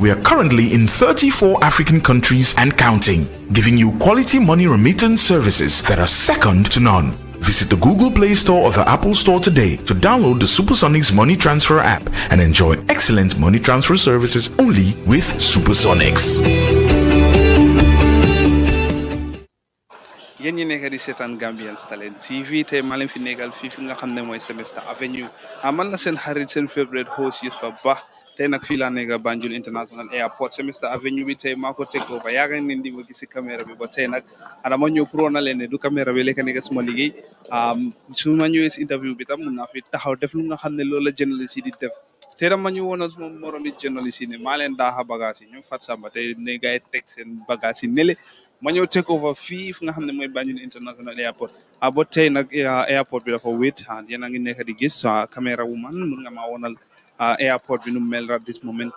we are currently in 34 African countries and counting, giving you quality money remittance services that are second to none. Visit the Google Play Store or the Apple Store today to download the Supersonics Money Transfer app and enjoy excellent money transfer services only with Supersonics. Yen ñi nekk di seetaan Gambian's Talents TV tey maa leen fi fi nga Semester Avenue amal na seen xarit seen favorite host tey nag fii laa nekk Banjul International Airport Semester Avenue bi tey maa ko teg ko ba yaaga ne di ma gis si caméra bi ba tey nag adama ñëw pour na leen ne du bi lekk suma liggéey su ma ñëwee interview bi tam mun naa taxaw def lu nga xam ne loolu la journaliste yi di def tey dama ñu woon suma moromi journaliste ne maa leen daaxa bagage yi ñoom Fat Samba tey ne gars yi yi nele ma ñëw take over fii fu nga xam ne mooy Banjul International Airport ah ba tey nag ah, airport bi dafa wéet ah, yéen a ngi nekk di gis ah, caméra wu man mun nga maa wonal Uh, airport bi nu mel at this moment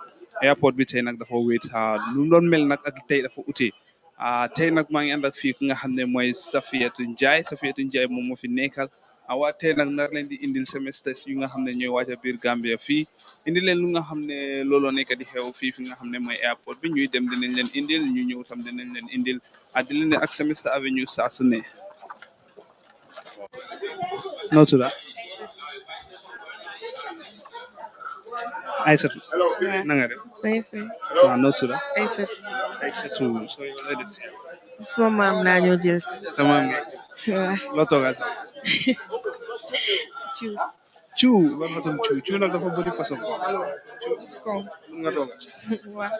airport bi tey nak dafa wéet uh, nu doon mel nag ak tey dafa utee uh, tey nag maa ngi ànd ak fi ku nga xam ne mooy Safiatou Njie Safiatou Njie moom moo fi nekkal waa tey nag nar leen di indil semester yu nga xam ne ñooy waaj Gambia fi. indi leen lu nga xam ne nekk di xew fii fi nga xam ne airport bi ñuy dem dinañ leen indil ñu ñëw tam dinañ leen indil a di ak semester avenue sa su ne noo tudd Aïssatou na nga def. waaw noo tudd. Aïssatou. Aïssatou soo yow lay def si. sama maam laa ñoo jël si. sama maam nga. waaw loo toogal. Ciu. Ciu ban façon ciu ciu nag dafa bëri façon. kaw nga toog. waaw.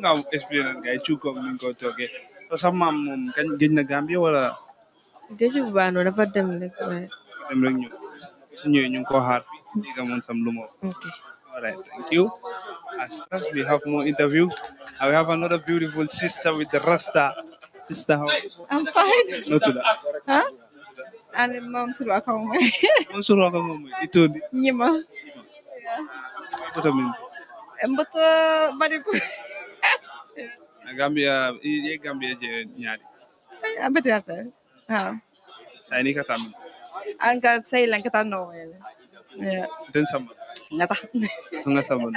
nga expliqué leen gars yi ciu ko toogee. sama maam moom kañ génn na Gambie wala. géeju bu baano dafa dem rek waaye dem rek ñu su ñëwee ñu ngi ko xaar bi diga moom sam lu moom okay all right thank you Asta, we have more interviews and uh, we have another beautiful sister with the rasta sister how I'm fine no to that huh and mom suru akawmo mom suru akawmo itodi ñima yeah mboto bari Gambia, Gambia je nyari. Abete ata. Ja. يعني كتعمل انا كتسيلا كتنوم يعني تنسمى لا تنسمى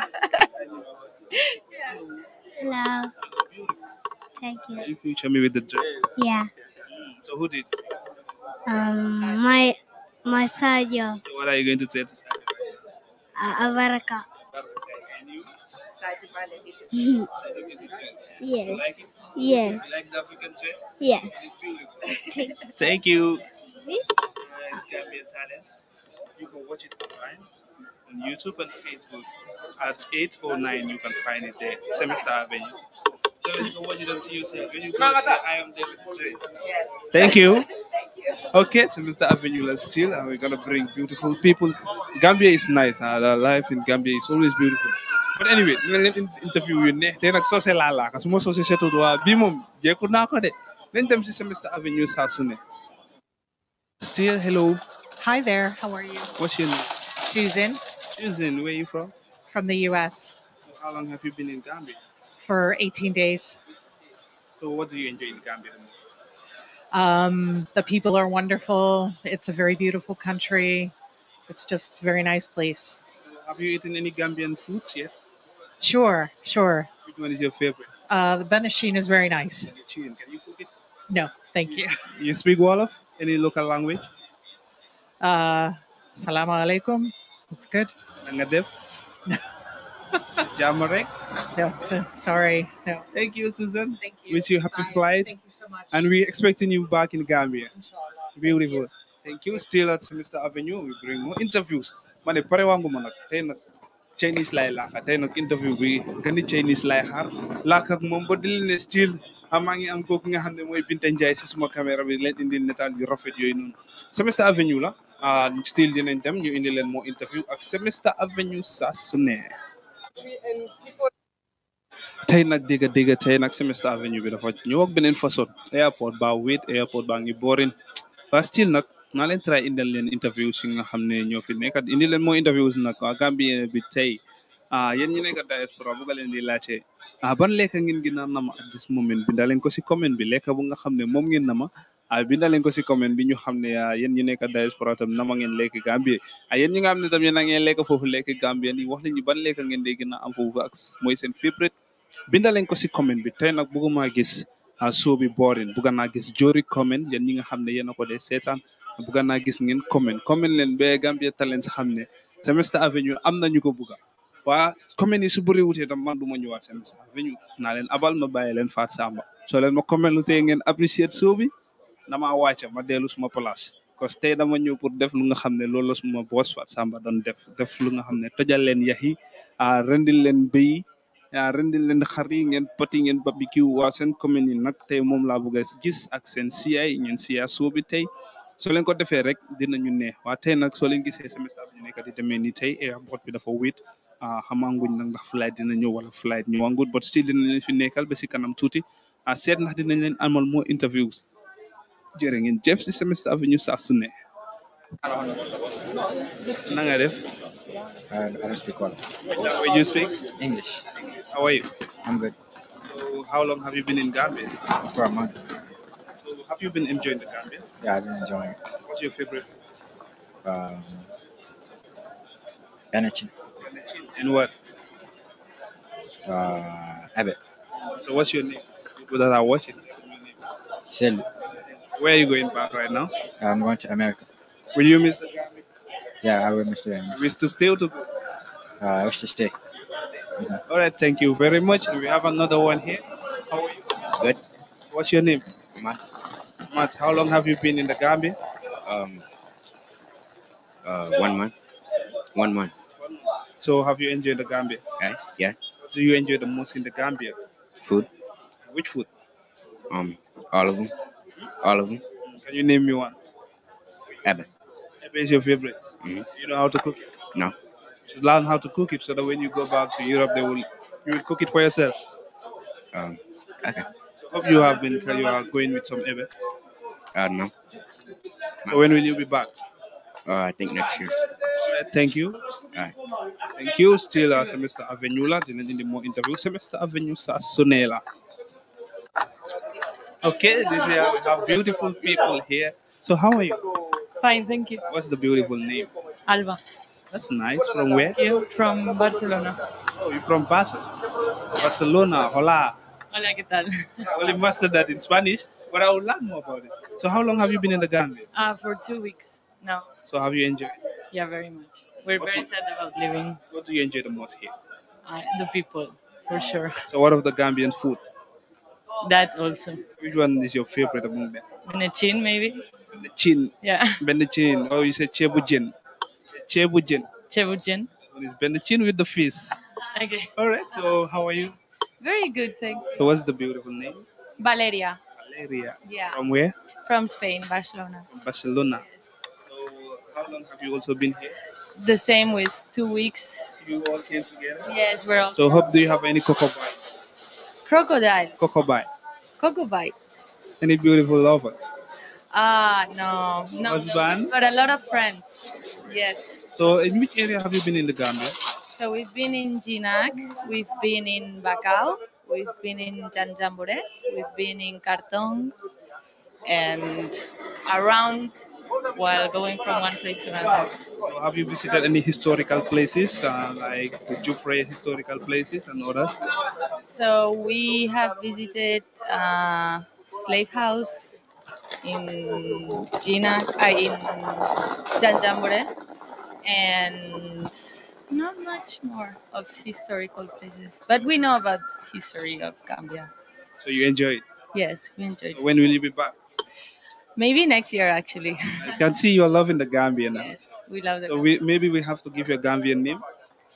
Hello. Thank you. You show me with the dress. Yeah. So who did? Um, my my Sadio. So what are you going to say to Sadio? Uh, Abaraka. And you? yes. Yes. You like the African chair? Yes. Thank you. Yes, talent. You can watch it online on YouTube and Facebook. At 809, you can find it there, Semester Avenue. Thank you. Okay, you. Mr. Avenue is still, and we're going to bring beautiful people. Gambia is nice. and life in Gambia is always beautiful but anyway dina leen interview yu neex te nag soose laa laaka su ma soose seetu waa bii moom jeeku naa ko de nañ dem si Semester Avenue saa ne. Still, hello. Hi there. How are you? What's your name? Susan. Susan, where are you from? From the U.S. So how long have you been in Gambia? For 18 days. So what do you enjoy in Gambia the most? Um, the people are wonderful. It's a very beautiful country. It's just a very nice place. Have you eaten any Gambian foods yet? Sure, sure. Which one is your favorite? Uh, the Benishin is very nice. Benishin. Can you cook it? No, thank you. You, you speak Wolof? Any local language? Uh, alaikum. It's good. Nangadev? No. Jamarek? No, sorry. No. Thank you, Susan. Thank you. Wish you happy Bye. flight. Thank you so much. And we're expecting you back in Gambia. Beautiful. Thank you. Thank you. Still at Semester Avenue, we bring more interviews. Mane parewangu manak. Tay Chinese lay làkk tey nag interview bi gani Chinese lay xaar làkk ak moom ba di ne still ah, maa ngi am kooku nga xam ne mooy Binta Ndiaye si suma caméra bi leen indil netaal bi rafet yooyu noonu Semester Avenue la ah, still dinañ dem ñu indi leen moo ak Semester Avenue tey nag dégg dégg tey nag Semester Avenue bi dafa ñëw ak airport ba wéet airport baa ngi ba still nag naa leen leen interviews nga xam ne ñoo fi nekkat indi leen moo interviews nag waa Gambie bi tey ah, yéen ñi nekkat diaspora bu nga leen di laajte ah, ban lekka ngeen gën a nama at this moment bindaa leen ko si comment bi lekka bu nga xam ne moom ngeen nama ah, bindaa leen ko si comment bi ñu xam ne yéen ñi nekkat diaspora tam ngeen lekk Gambie yéen ñi nga xam ne tam yéen a ngeen lekk foofu lekk Gambie ni wax leen ñu ban lekka ngeen dee gën a am foofu ak mooy seen favorite bindaa ko si comment bi tey nag ma gis soo bi boorin bëgg naa gis joori comment yéen ñi nga xam ne yéen a ko dee seetaan bëgg naa gis ngeen commune commune leen ba Gambia talent xam Semester Avenue am na ñu ko bëgg waa commune yi su bëri wutee tam man du ma Semester Avenue naa leen abal ma bàyyi leen Fatou Samba soo leen ma commune lu tey ngeen apprécier show bi dama wàcce ma dellu suma place parce que tey dama ñëw pour def lu nga xam loolu la suma boss Fatou Samba doon def def lu nga xam ne tojal leen yax yi rendil leen béy rendil leen xar yi ngeen poti ngeen barbecue waa seen commune yi nag tey moom laa bëgg gis ak seen siyaay ngeen CI soo bi tey soo leen ko defee rek dinañu ne waa tey nag soo leen gisee semestre bi ñu nekk di demee nii tey airport eh, bi dafa wéet ah, xamanguñ nag ndax flight dina ñëw wala flight ñëwangut but still dinañ leen fi nekkal ba si kanam tuuti ah, seet ndax dinañ leen amal moo interviews jërë ngeen jëf si semestre bi ñu saa su ne. na nga def. Uh, I don't speak well. you speak? English. How are you? I'm good. So how long have you been in Gambia? For a month. Have you been enjoying the Gambia? Yeah, I've been enjoying it. What's your favorite food? Um, Benachin. And what? Uh, Abbott. So what's your name? People that are watching. Sel. Where are you going back right now? I'm going to America. Will you miss the Gambia? Yeah, I will miss the Gambia. Wish to stay or to go? Uh, I wish to stay. Mm-hmm. All right, thank you very much. We have another one here. How are you? Good. What's your name? Matt. How long have you been in the Gambia? Um, uh, one month. One month. So have you enjoyed the Gambia? Yeah. What do you enjoy the most in the Gambia? Food. Which food? Um, all of them. Hmm? All of them. Can you name me one? Ebbe. Ebbe is your favorite. Mm-hmm. You know how to cook it? No. You learn how to cook it so that when you go back to Europe, they will you will cook it for yourself. Um, okay. hope you have been you are going with some Ebbe. I don't know. So when will you be back? Uh, I think next year. Uh, thank you. Thank you. Still uh, semester avenue la. Didn't need more interview. Semester avenue Sunela. Okay, this year we have beautiful people here. So how are you? Fine, thank you. What's the beautiful name? Alba. That's nice. From where? You from Barcelona. Oh, you're from Barcelona. Barcelona. Hola. Hola, ¿qué tal? I only mastered that in Spanish but I would learn more about it. So, how long have you been in the Gambia? Uh, for two weeks now. So, have you enjoyed? Yeah, very much. We're what very do, sad about leaving. What do you enjoy the most here? Uh, the people, for sure. So, what of the Gambian food? That also. Which one is your favorite among them? Benachin, maybe. Benachin. Yeah. Benachin. Oh, you said chebujin. Chebujin. Chebujin. It's Benachin with the fish. okay. All right. So, how are you? Very good, thank you. So, what's the beautiful name? Valeria area. Yeah. From where? From Spain, Barcelona. Barcelona. Yes. So, how long have you also been here? The same with two weeks. You all came together. Yes, we're all. So, hope do you have any cocoa bite? Crocodile. Cocoa bite. Cocoa bite. Any beautiful lover? Ah, no, no. Husband? No, but a lot of friends. Yes. So, in which area have you been in the Gambia? So, we've been in Jinak, we've been in Bacau, We've been in Janjambore, we've been in Kartong, and around while going from one place to another. Have you visited any historical places, uh, like the Jufre historical places and others? So we have visited a uh, slave house in Gina, uh, in Janjambore, and not much more of historical places, but we know about history of Gambia. So you enjoy it? Yes, we enjoy so it. When will you be back? Maybe next year, actually. I can see you're loving the Gambia now. Yes, we love the. So we, maybe we have to give you a Gambian name.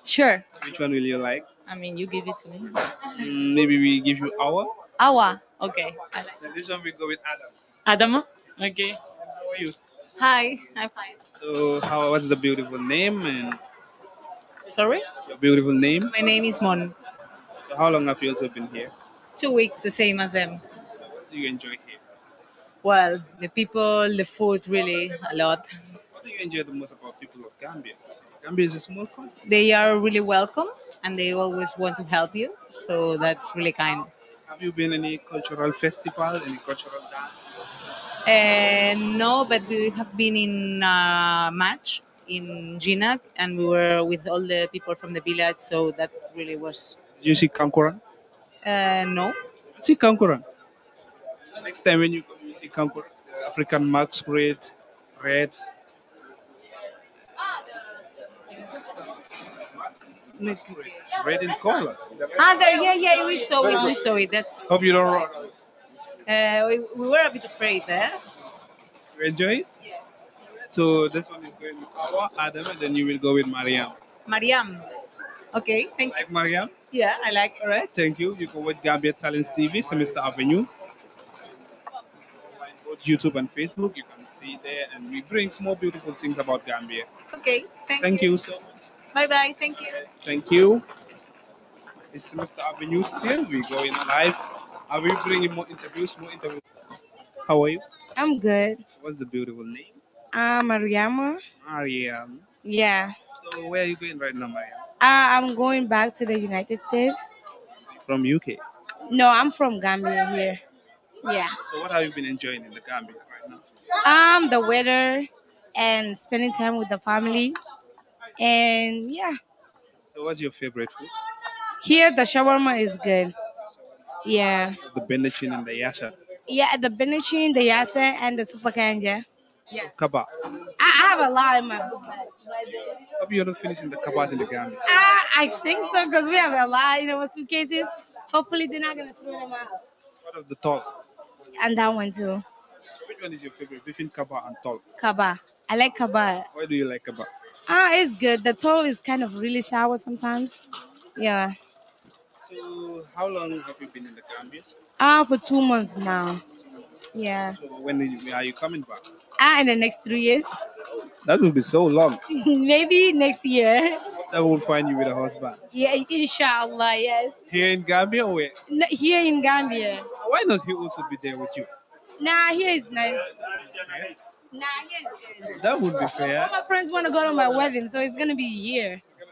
Sure. Which one will you like? I mean, you give it to me. Mm, maybe we give you our. Our okay. like this one we go with Adam. Adam, okay. How are you? Hi, I'm fine. So, how was the beautiful name and? Sorry? Your beautiful name? My name is Mon. So how long have you also been here? Two weeks, the same as them. what do you enjoy here? Well, the people, the food, really, a lot. What do you enjoy the most about people of Gambia? Gambia is a small country. They are really welcome and they always want to help you, so that's really kind. Have you been any cultural festival, any cultural dance? Uh, no, but we have been in a uh, match in Jinak, and we were with all the people from the village, so that really was. Did you see Kankoran? Uh, no. See Kankoran. Next time when you, you see Kankoran, African Great, red. Red in color. Ah, there, yeah, yeah, we saw it, we saw it. That's. Hope you don't run. Uh, we, we were a bit afraid there. Eh? You enjoy it? So this one is going with Awa, Adam, and then you will go with Mariam. Mariam. Okay, thank you. Like Mariam? Yeah, I like All right, thank you. You go with Gambia Talents TV, Semester Avenue. Both YouTube and Facebook, you can see there, and we bring more beautiful things about Gambia. Okay, thank, thank you. you so much. Bye bye, thank you. Thank you. It's Mr. Avenue still. We're going live. Are we bringing more interviews? More interviews. How are you? I'm good. What's the beautiful name? Uh, Mariama. Mariam. Yeah. So where are you going right now, Mariam? Uh, I'm going back to the United States. From UK? No, I'm from Gambia here. Yeah. So what have you been enjoying in the Gambia right now? Um, the weather and spending time with the family, and yeah. So what's your favorite food? Here, the shawarma is good. Yeah. The benachin and the yasha. Yeah, the benachin, the yasha, and the super kanja yeah. I, have a lot in my book bag. Hope you're not finishing the Kabas in the ground. I, I think so because we have a lot in our suitcases. Hopefully, they're not going to throw them out. What of the talk? And that one too. Which one is your favorite between Kaba and Tol? Kaba. I like Kaba. Why do you like Kaba? Ah, it's good. The Tol is kind of really sour sometimes. Yeah. So, how long have you been in the Gambia? Ah, for two months now. Yeah. So, when are you coming back? Ah, in the next three years? That will be so long. Maybe next year. That will find you with a husband. Yeah, inshallah, yes. Here in Gambia or where? No, here in Gambia. Why not he also be there with you? Nah, here is nice. Yeah. Nah, here is good. That would be fair. All my friends want to go to my wedding, so it's going to be here. Gonna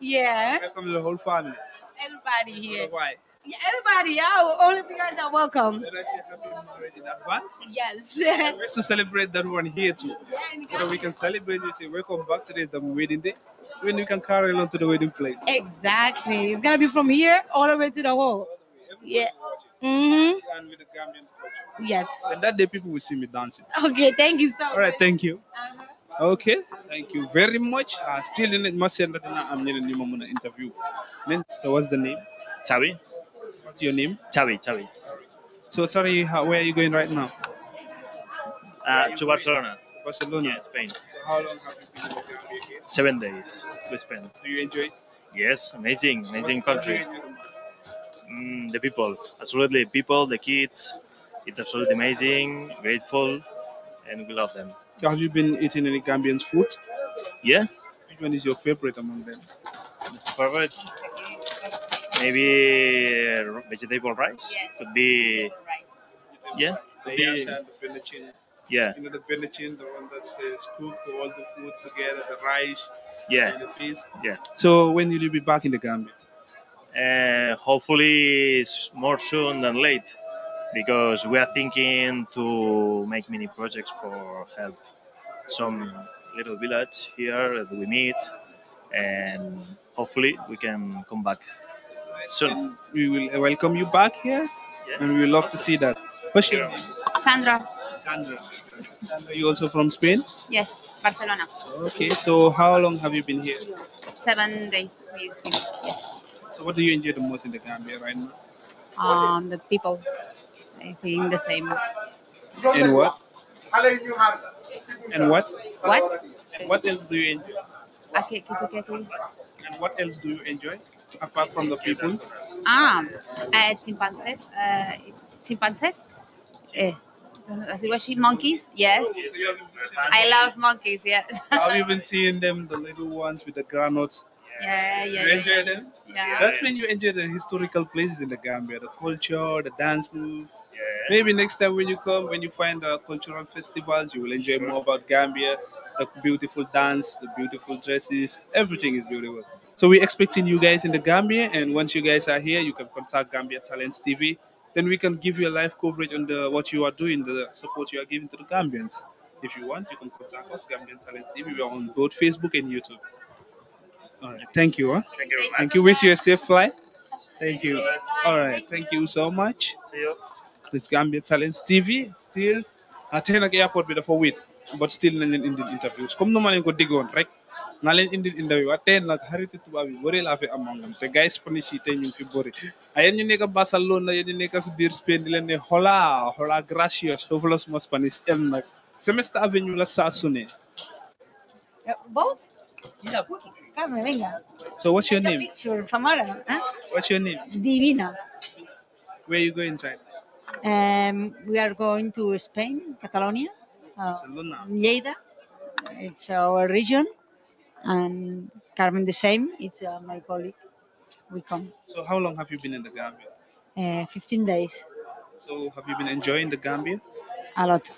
be here. Yeah. Welcome to the whole family. Everybody here. Why? Yeah, everybody, yeah, all of you guys are welcome. Did I say happy already advance? Yes. I wish to celebrate that one here too. Yeah, so we can celebrate you say welcome back. Today the wedding day. When we can carry on to the wedding place. Exactly. It's gonna be from here all the way to the hall. Yeah. Mm-hmm. And with the Gambian Yes. And that day people will see me dancing. Okay, thank you so All right, much. thank you. Uh-huh. Okay, thank you very much. Uh, still in not must say that I'm in the interview. Then, so what's the name? Charlie. What's your name? Chavi, Chavi. So, Chavi, how, where are you going right now? Uh, to Barcelona. Barcelona? Yeah, Spain. So how long have you been here? Seven days to Spain. Do you enjoy it? Yes, amazing, amazing what country. Mm, the people, absolutely. People, the kids, it's absolutely amazing, grateful, and we love them. Have you been eating any Gambian food? Yeah. Which one is your favorite among them? Favorite? maybe uh, vegetable rice. Yes. Could be. Rice. Yeah. Could the be, the Yeah. You know the benachin, the one that says cook all the foods together, the rice. Yeah. the fish. Yeah. So when will you be back in the Gambia? Uh, hopefully more soon than late, because we are thinking to make many projects for help some little village here that we meet and hopefully we can come back soon. We will welcome you back here, yes. and we will love to see that. Bashira. Sandra. Sandra. Sandra, you also from Spain? Yes, Barcelona. Okay, so how long have you been here? Seven days. Yes. So what do you enjoy the most in the Gambia right now? Um, the people. I think the same. And what? And what? What? And what else do you enjoy? Okay, okay, okay. And what else do you enjoy? apart from the people? Ah, uh, eh, chimpanzees. Uh, eh, chimpanzees? Eh, uh, monkeys, yes. I love monkeys, yes. I've even seen them, the little ones with the granules? Yeah, yeah. You enjoy them? Yeah. That's when you enjoy the historical places in the Gambia, the culture, the dance move. Yeah. Maybe next time when you come, when you find the cultural festivals, you will enjoy more about Gambia, the beautiful dance, the beautiful dresses, everything is beautiful. So we're expecting you guys in the Gambia, and once you guys are here, you can contact Gambia Talents TV. Then we can give you a live coverage on the what you are doing, the support you are giving to the Gambians. If you want, you can contact us, Gambian Talent TV. We are on both Facebook and YouTube. All right, thank you. Huh? Thank you. Thank you. Wish you a safe flight. Thank you. All right, thank you so much. See you. It's Gambia Talents TV. Still, I think like airport bit of a week, but still in the interviews. Come no man go dig on, right? nalen indi indil indaw yi waxtee nag xariti tubaab yi bëri laa fi am ngam te guys pon ci tey ñu fi ay ñu nekk lo na ñu nekk bir Spain di leen ne hola hola gracias foofu mos panis, enak. em nak semestre avenue la sa suné ne eh, both yeah, venga. So what's your name? Picture, Famara. Huh? Eh? What's your name? Divina. Where you going, to? Um, we are going to Spain, Catalonia, uh, Lleida. It's our region. and Carmen the same. It's uh, my colleague. We come. So how long have you been in the Gambia? Uh, 15 days. So have you been enjoying the Gambia? A lot.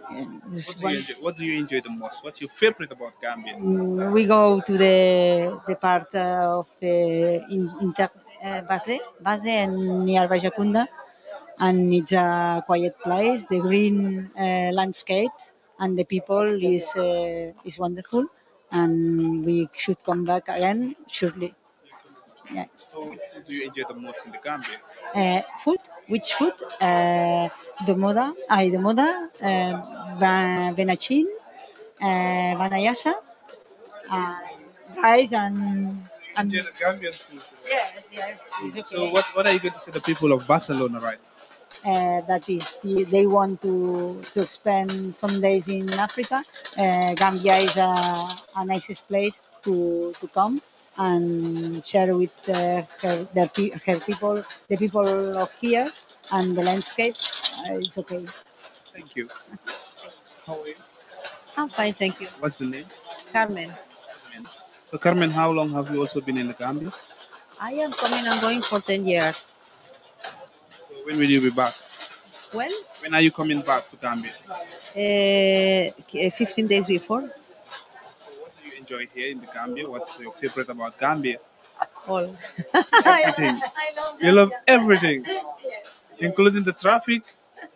What do, enjoy, what, do you enjoy, the most? What's your favorite about Gambia? Mm, we go to the the part of the in, inter, uh, base, base and near Bajakunda, and it's a quiet place. The green uh, landscapes and the people is uh, is wonderful and we should come back again shortly. Yeah. So, what do you enjoy the most in the Gambia? Uh, food. Which food? Uh, the moda. I the moda. Um, uh, benachin. Uh, banayasa. Uh, rice and. and Gambian food. Yes, yes. Okay. So, what, what are you going to say to the people of Barcelona right uh, if they want to, to spend some days in Africa. Uh, Gambia is a, a nicest place to, to come and share with uh, her, the, her people, the people of here and the landscape. Uh, it's okay. Thank you. How are you? I'm fine, thank you. What's the name? Carmen. Carmen. So, Carmen, how long have you also been in the Gambia? I am coming and going for 10 years. When will you be back? When? When are you coming back to Gambia? Uh, eh, 15 days before. What do you enjoy here in the Gambia? What's your favorite about Gambia? All. Everything. I love you love everything, yes. including the traffic.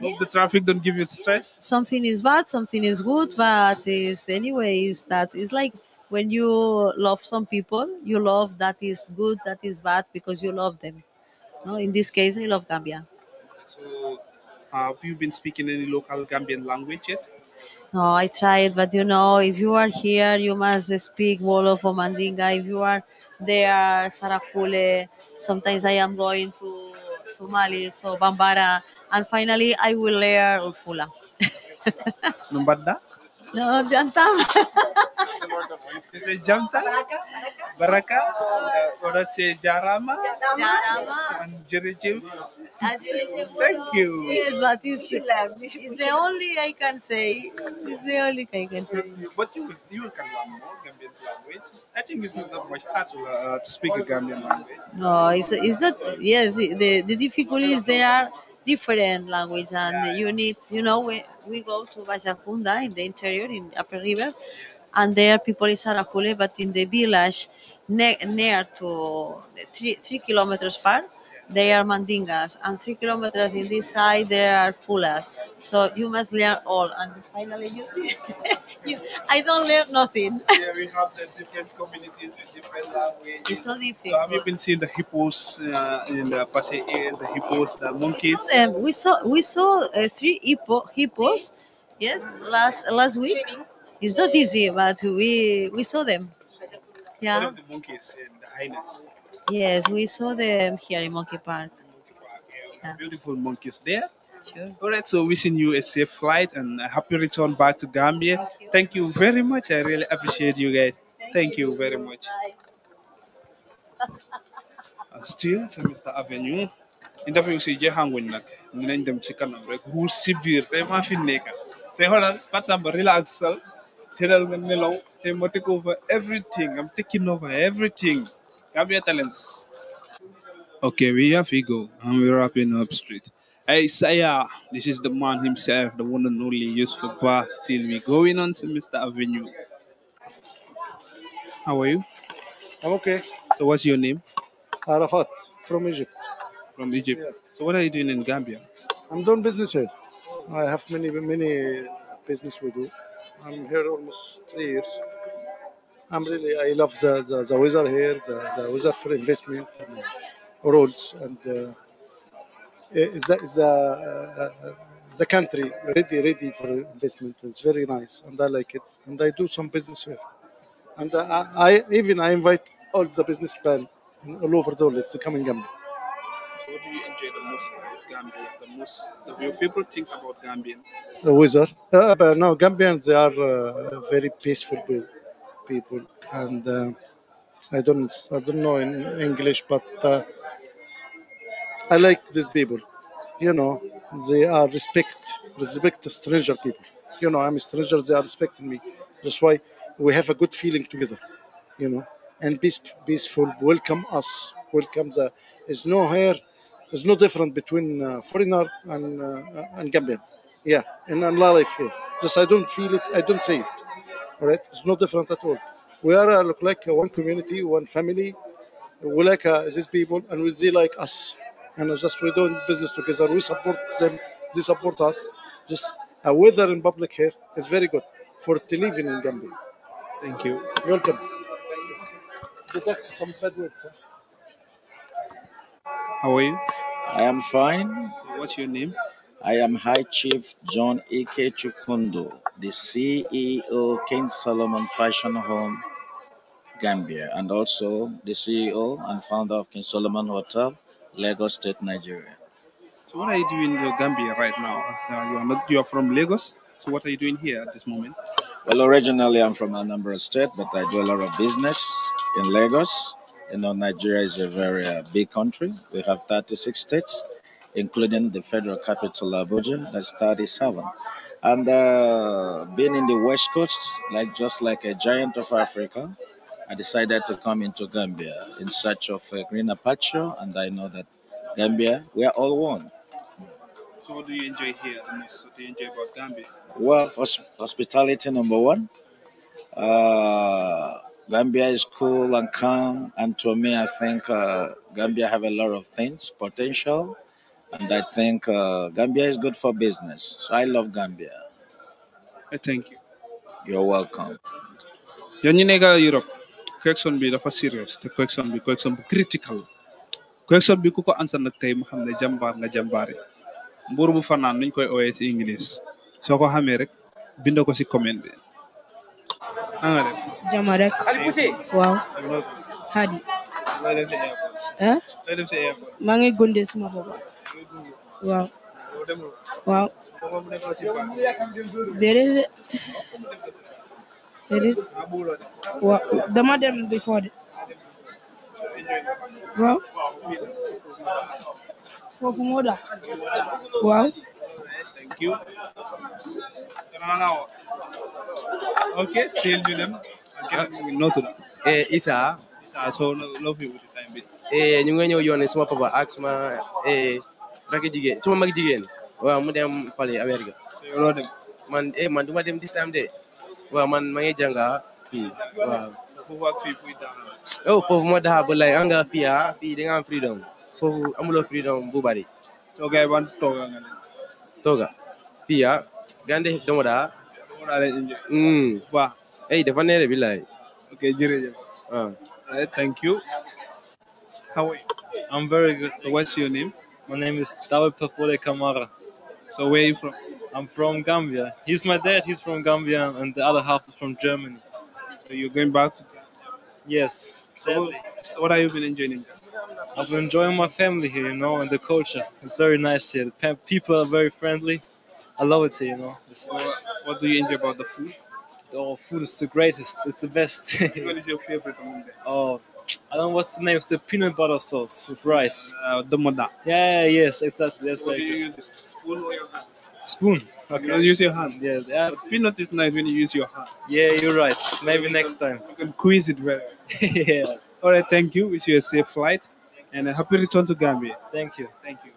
Yeah. the traffic don't give you stress. Something is bad, something is good, but is anyways it's like when you love some people, you love that is good, that is bad because you love them. No, in this case, I love Gambia have you been speaking any local Gambian language yet? No, I tried, but you know, if you are here, you must speak Wolof or Mandinga. If you are there, Sarakule. Sometimes I am going to, to Mali, so Bambara. And finally, I will learn Ulfula. Numbada? no, Jantam. Is it Jantam? Baraka? Baraka? Or, or say Jarama? Jarama. And Jirijiv? Thank you. Yes, but it's, it's the only I can say. It's the only I can say. But you you can learn more Gambian language. I think it's not that much hard to, uh, to speak a Gambian language. No, it's it's not. Yes, the the difficulty is there are different language and yeah. you need you know we, we go to Bajacunda in the interior in upper river and there people is Sarajule but in the village ne near to three three kilometers far they are Mandingas, and three kilometers in this side there are fullas. So you must learn all, and finally you, you I don't learn nothing. yeah, we have the different communities with different languages. It's so difficult. So have you been seeing the hippos uh, in the Pasay the hippos, the monkeys? We saw, them. We saw, we saw uh, three hippo, hippos, yes, last last week. It's not easy, but we we saw them. Yeah. the monkeys in the Yes, we saw them here in Monkey Park. Yeah. Beautiful monkeys there. Sure. All right, so wishing you a safe flight and a happy return back to Gambia. Thank you, Thank you very much. I really appreciate you guys. Thank, Thank you. you. very much. Uh, still sa Mr. Avenue. interview si jeexanguñ nag ñu nañ dem ci kanam rek xuus si biir tey maa They hold tey xoolal Fat Samba relaxal tëral nga nelaw tey to take over everything i am taking over everything Gambia Talents. Okay, we have Ego and we're wrapping up straight. Hey, Saya, this is the man himself, the one and only useful bar. Still, we going on Mr. Avenue. How are you? I'm okay. So, what's your name? Arafat from Egypt. From Egypt. Yeah. So, what are you doing in Gambia? I'm doing business here. I have many, many business we do. I'm here almost three years. I'm really, I love the, the, the weather here, the, the weather for investment and roads and uh, the, the, uh, uh, the country ready, ready for investment. It's very nice, and I like it, and I do some business here. And I, I even I invite all the business plan all over the world to come and Gambia. So what do you enjoy the most about Gambia? The most, the, your favorite thing about Gambians? The weather. Uh, no, Gambians they are uh, very peaceful people people, and uh, I don't I don't know in English, but uh, I like these people. You know, they are respect respect stranger people. You know, I'm a stranger; they are respecting me. That's why we have a good feeling together. You know, and peace, peaceful. Welcome us. Welcome the. There's no hair. There's no difference between uh, foreigner and uh, and Gambian. Yeah, in, in life here. Just I don't feel it. I don't see it. All right, it's not different at all. We are look like one community, one family. We like uh, these people, and we see like us, and uh, just we doing business together. We support them; they support us. Just a uh, weather in public here is very good for living in Gambia. Thank you. You're welcome. Thank you. Detect some bad words. How are you? I am fine. So what's your name? I am High Chief John Ike the CEO King Solomon Fashion Home Gambia, and also the CEO and founder of King Solomon Hotel, Lagos State, Nigeria. So, what are you doing in Gambia right now? So you are not you are from Lagos. So, what are you doing here at this moment? Well, originally I'm from Anambra State, but I do a lot of business in Lagos. You know, Nigeria is a very uh, big country. We have 36 states including the federal capital Abuja. That's 37. And uh, being in the West Coast, like just like a giant of Africa, I decided to come into Gambia in search of a greener pasture, and I know that Gambia, we are all one. So, what do you enjoy here What do you enjoy about Gambia? Well, hospitality number one. Uh, Gambia is cool and calm, and to me, I think uh, Gambia have a lot of things potential And I think uh, Gambia is good for business. So I love Gambia. I eh, thank you. You're welcome. Yon ñu Europe question bi dafa serious te question bi question bu critical question bi kuko answer na tay mo xam jambar nga jàmbaari mbuur bu fanan nuñ koy ooyee english so ko hamerek. rek ko si comment bi anga rek jama rek waaw hadi eh? Mangi ngi gunde suma waaw waaw déedéet déedéet waaw dama dem before de waaw foofu moo da waaw ok seel ah, eh, eh, ñu dem nootul Issa Issa soo loo fi wuti time bi ñu nga ñëw yoon suma papa ak suma eh, rakk jigéen suma mag jigéen waaw mu dem fale Amérique eh, man duma dem dis am de man ma ngi jàng fii waaw foofu ak fii fuy daan oh foofu anga fii ah fii da nga am freedom foofu amuloo freedom bu bari gande domoda domoda leen inje hmm ba eh dafa thank you how you i'm My name is David Papole Kamara. So where are you from? I'm from Gambia. He's my dad. He's from Gambia, and the other half is from Germany. So you're going back to? Yes. Sadly. So what have you been enjoying? I've been enjoying my family here, you know, and the culture. It's very nice here. The people are very friendly. I love it here, you know. What, what do you enjoy about the food? Oh, food is the greatest. It's the best. what is your favorite among them? Oh, I don't know what's the name. It's the peanut butter sauce with rice. Uh, domoda. Yeah, yes, exactly. That's what do you use? It? Spoon or your hand? Spoon. Okay. You don't use your hand. Yes. Yeah. peanut is nice when you use your hand. Yeah, you're right. Maybe you next can, time. You can quiz it better. yeah. All right. Thank you. Wish you a safe flight, and a happy return to Gambia. Thank you. Thank you.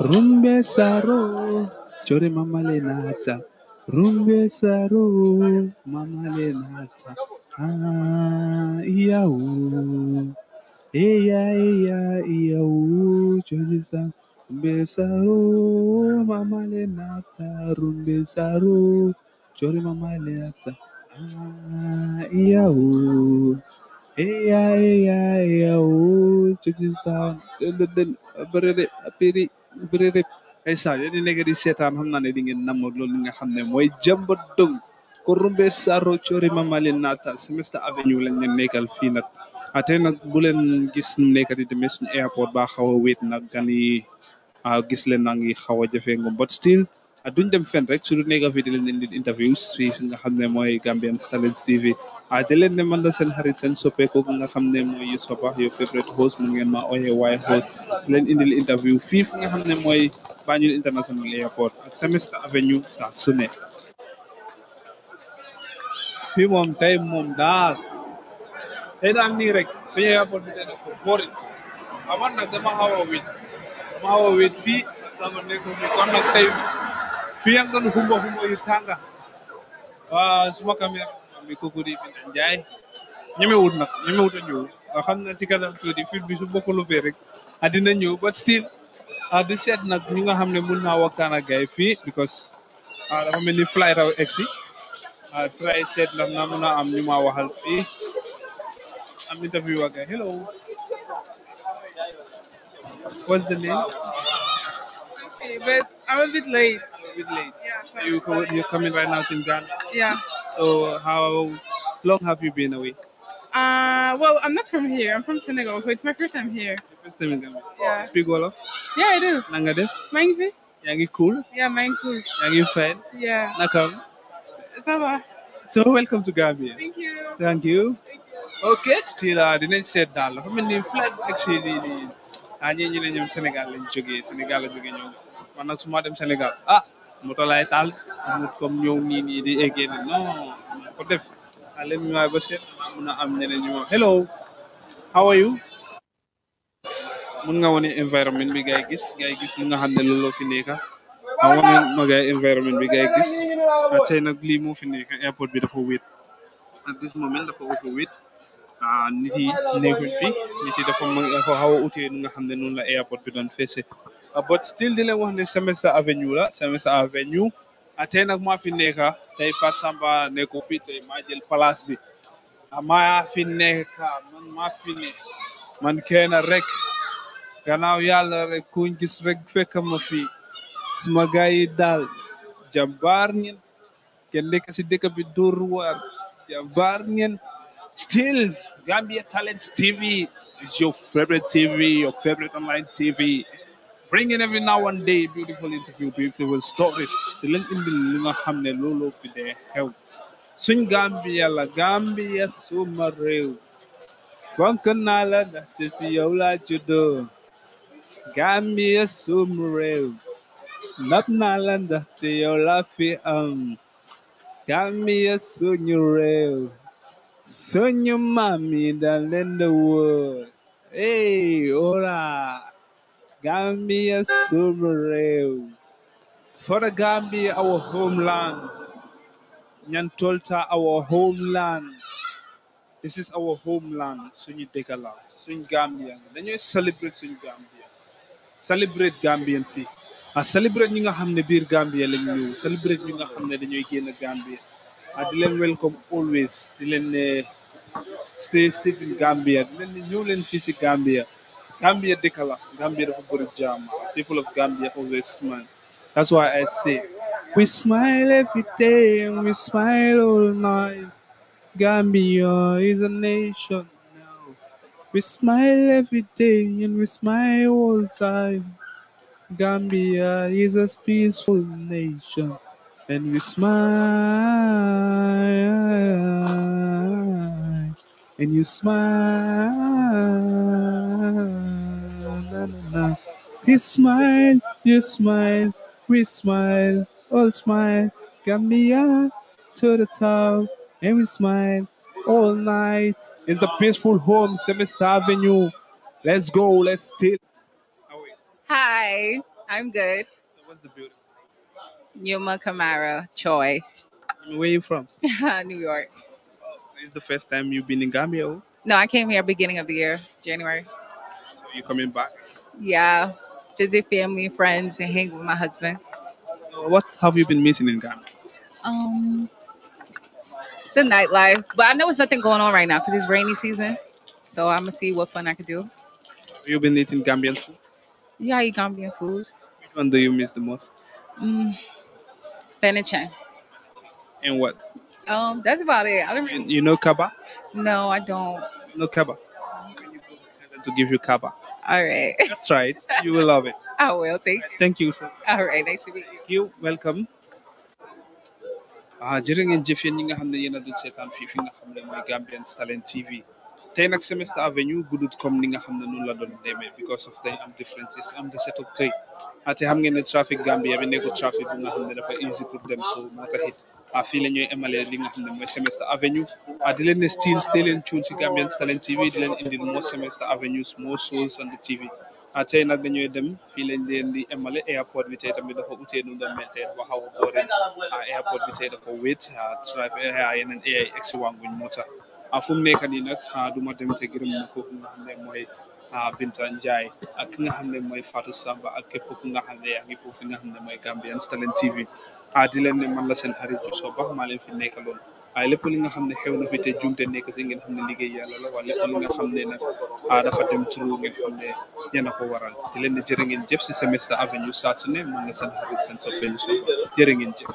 Rumbe saro, chore mama lenata. Rumbe saro, mama lenata. Ah, iya u. Iya ia iya u. Chojisa. Besaro mama le nata rumbesaro chori mama le nata ah iya u iya iya iya u chojista del del berede piri berede jadi sa yene setan hamna na ne di ngeen nammo moy nga pour Kurumbe Saro Chori Mamali Nata Semester Avenue lañ leen nekkal fii nag ate ah, nag bu leen gis nu nekkati tamit suñu airport ba xaw a wéet nag gan yi ah, gis leen naa ngi xaw a jafe nga but still ah, duñ dem fen rek su du nekka fii di leen indi interviews nga xam ne mooy Gambian a di leen ne man la seen xarit seen soppe kooku nga xam ne mooy yu soba yo favorite ngeen ma ooyee waaye host leen indil interview fii nga xam ne mooy Banjul International Airport ak Semester Avenue saa su fii moom tey moom daal tey daal nii rek suñu airport bi tey dafa boori waaw nag dama xaw a wéet dama xaw a kon nag tey fii ak doon xumba xumba yu tànga waaw suma caméra bi kooku di Binta Njaay ñemewut nag ñemewut a ñëw nga na ci kanam tuuti fil bi su bokk rek a dina ñëw but still a di seet nag ñi nga xam ne mun naa waxtaan ak fii because a dafa mel ni fly raw egsi try set lang na muna am ñu ma waxal fii eh? am interview ak hello what's the name okay, but I'm a bit late I'm a bit late yeah sorry. you you're coming right now to Ghana yeah so how long have you been away uh, well, I'm not from here. I'm from Senegal, so it's my first time here. First time in Ghana. Yeah. Speak Wolof. Yeah, I do. Nanga def. Maa cool. Yeah, mine cool. Yaa fine. Yeah. Nakam. So welcome to Gambia. Thank you. Thank you. Thank you. Okay, still uh, dinañ seet daal dafa mel ni flat actually nii nii ah ñii ñu ne senegal Sénégal lañ jógee Sénégal la jógee ah motor laay taal motor comme ñëw nii nii di Again, no. What if? def ah leen ñu waay ba am ñeneen hello how are you mun nga environment bi gaay gis gaay gis nga xam fi I want to moom magay environnement bi this. gis tey nag lii move in the airport bi dafa wéet at this moment dafa oto wéet ah, nit yi nekkuñ fi nit yi dafa dafa xaw a utee nu nga xam ne noonu la airport bi doon feese ah, but still di leen wax ne Semester Avenue la Semester Avenue ah, tey nag maa fi nekk tey Fat Samba nekku fi tey maa jël place bi maa fi nekk man Can fi nekk man kenn rek gannaaw yàlla rek wreck? gis rek fekk ma fii Smagai dal jabarnien kelle kasi deka bidur war jabarnien still Gambia Talents TV is your favorite TV, your favorite online TV. Bringing every now and day beautiful interview, beautiful stories. The link in the lima Hamne Lolo for their help. Sun Gambia, La Gambia, Sumareu. Funkanala, Jesse Ola Judo. Gambia, Sumareu. Napnalanda te olafi am. Um, Kamiya sonyo reo. Sonyo mami da lenda world. Hey, hola. Gambia Sumereu. For the Gambia, our homeland. Nyantolta, our homeland. This is our homeland, Sunyi Dekala, Sunyi Gambia. Then you celebrate Sunyi Gambia. Celebrate Gambian sea. Ah, celebrate ñi nga xam ne biir Gambia lañ ñëw celebrate ñi nga xam ne dañooy génn Gambia ah, di leen welcome always di leen stay safe in Gambia di leen ñëw leen fii si Gambia Gambia dekala. la Gambia dafa bëri jam. people of Gambia always smile that's why I say we smile every day and we smile all night Gambia is a nation now we smile every day and we smile all time Gambia is a peaceful nation, and we smile, and you smile. Na, na, na. He smile, you smile, we smile, all smile. Gambia to the top, and we smile all night. It's the peaceful home, Semester Avenue. Let's go, let's steal. Hi, I'm good. what's the building? Yuma Kamara Choi. Where are you from? New York. So it's the first time you've been in Gambia? No, I came here beginning of the year, January. So you coming back? Yeah, visit family, friends, and hang with my husband. So what have you been missing in Gambia? Um, the nightlife, but I know it's nothing going on right now because it's rainy season. So I'm gonna see what fun I could do. You've been eating Gambian food. Yeah, I Gambian food. Which one do you miss the most? Mm, Benichan. And what? Um, that's about it. I don't. You know kaba? No, I don't. No kaba. To give you kaba. All right. That's right. You will love it. I will. Thank you. Thank you, sir. All right. Nice to meet you. Thank you. Welcome. ah jërë ngeen jëf yéen ñi nga xam ne yéen you doon seetaan fii fi nga xam ne Gambian Talents TV tey nag semester avenue guddut comme ni nga xam ne noonu la doon demee because of tey am differences am the setup of tey ah, te xam ngeen ne trafic Gambia bi nekkul trafic bu nga xam dafa easy pour dem so moo taxit ah, fii la ñooy emale li nga xam ne mooy semester avenue ah, di leen ne still stay leen tune ci Gambian Talents TV di leen indil more semester avenues more souls on the TV tey nag dañooy dem fii lañ leen di emale airport bi tey tamit dafa utee nu doon mel tey dafa xaw a boore airport bi tey dafa wéet yeneen ay exiwanguñ moo tax afu ah, mu nekk nii nag ah, du ma dem te gërëm ma ko nga xam ne ah, Binta Njie ak ki nga xam ne mooy Fatou Samba ak képp ku nga xam ne yaa ngi foofu nga xam ne mooy Gambian TV di leen ne man la seen xarit ju soo baax maa leen fi nekkaloon waaye lépp li nga xam ne xew na fi te jumte nekk si ngeen xam ne liggéey yàlla la waaye lépp li nga xam ne nag dem turu ngeen xam ne yéen ko waral di leen ne jërë ngeen jëf si Semester Avenue saa su ne man la seen xarit seen soppeelu soo jërë ngeen jëf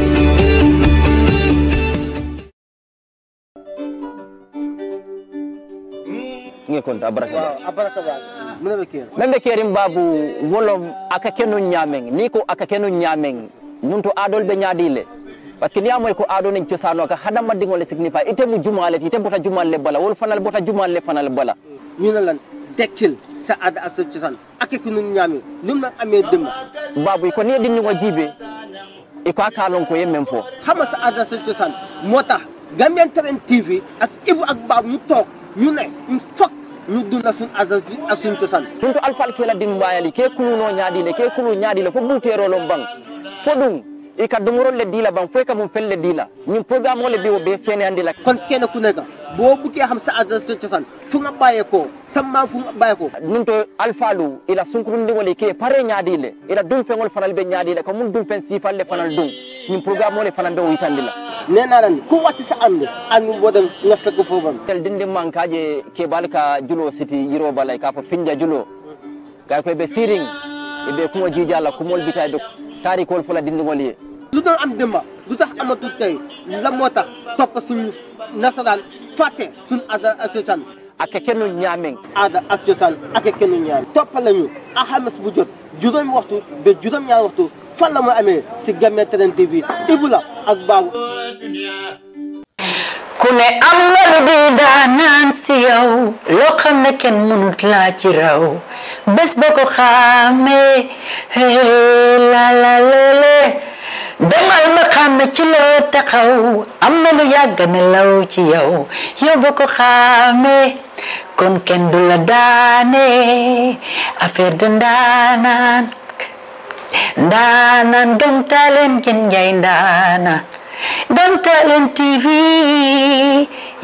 ngekonta abaraka abaraka membe kerim babu wolom aka kenu nyameng ni ko aka kenu nyameng nunto adol be nyadile parce que ni ko ado nen ciosano ka hadama dingo le signifa ite mu jumale ite bota jumale bala wol fanal bota jumale fanal bala ni lan dekil sa ada aso ciosan aka kenu nyameng num na amé dem babu ko ni dinni ko jibe e ko aka lon ko yemmen fo xama sa ada aso ciosan mota gambian tren tv ak ibu ak babu ñu tok ñu ne ñu fak nuddu na sun azazdi asun cosan ɗum to alfal kela dimbayali ke kuluno ñaadile ke kulu ñaadile fof ɓuuterolon ban fo ɗum i ka domoro le di la ban foyi ka mun fɛn le di la nin programme le bi o bɛɛ seeneyandi la kon kene ku nega bo buke ham sa adresse cosan funga baye ko samma funga baye ko nun to alfalu ila sunkurundiŋol i ke pare ñaadi le ila dum feŋol fanal be ñaadi le ko mun dum feŋ sifal le fanal dum nin programme le fanan be o yitandi la nenarani ko watti sa ande andu woɗen no feggo fofam tel dinde mankaje kebal ka julo siti yiro balay ka fo finja julo gay koye ɓe siring eɓe kuŋo jiijalla kumol bita ɓe tarikol fula dindugol ye lu doon am démba lu tax amatul tey la moo tax topp suñu nasaraan fàtte suñu aada ak cosaan ake kenn ñaameng aada ak cosaan ake kenn ñaameng toppa lañu alxames bu jot juróomi waxtu ba juróom-ñaari waxtu la mooy amee si Gambian Talents TV Ibou la ak ku ne am na lu daanaan si loo xam ne kenn mënut laa ci raw bés boo ko xaamee la la lele demal ma xàmme ci loo taxaw am na lu yàgg na law ci yow yow ba ko kon kenn du la daane affaire de ndaanaan ndaanaan Gamtalent gam njay TV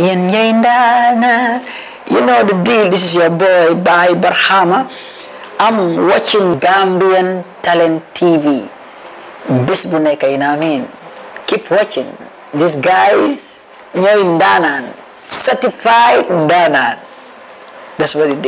yéen njay ndaana You know the deal. This is your boy Bai Barhama. I'm watching Gambian Talent TV. Bisbunay kayo namin. Keep watching. These guys, nyo yung danan. Certified danan. That's what it is.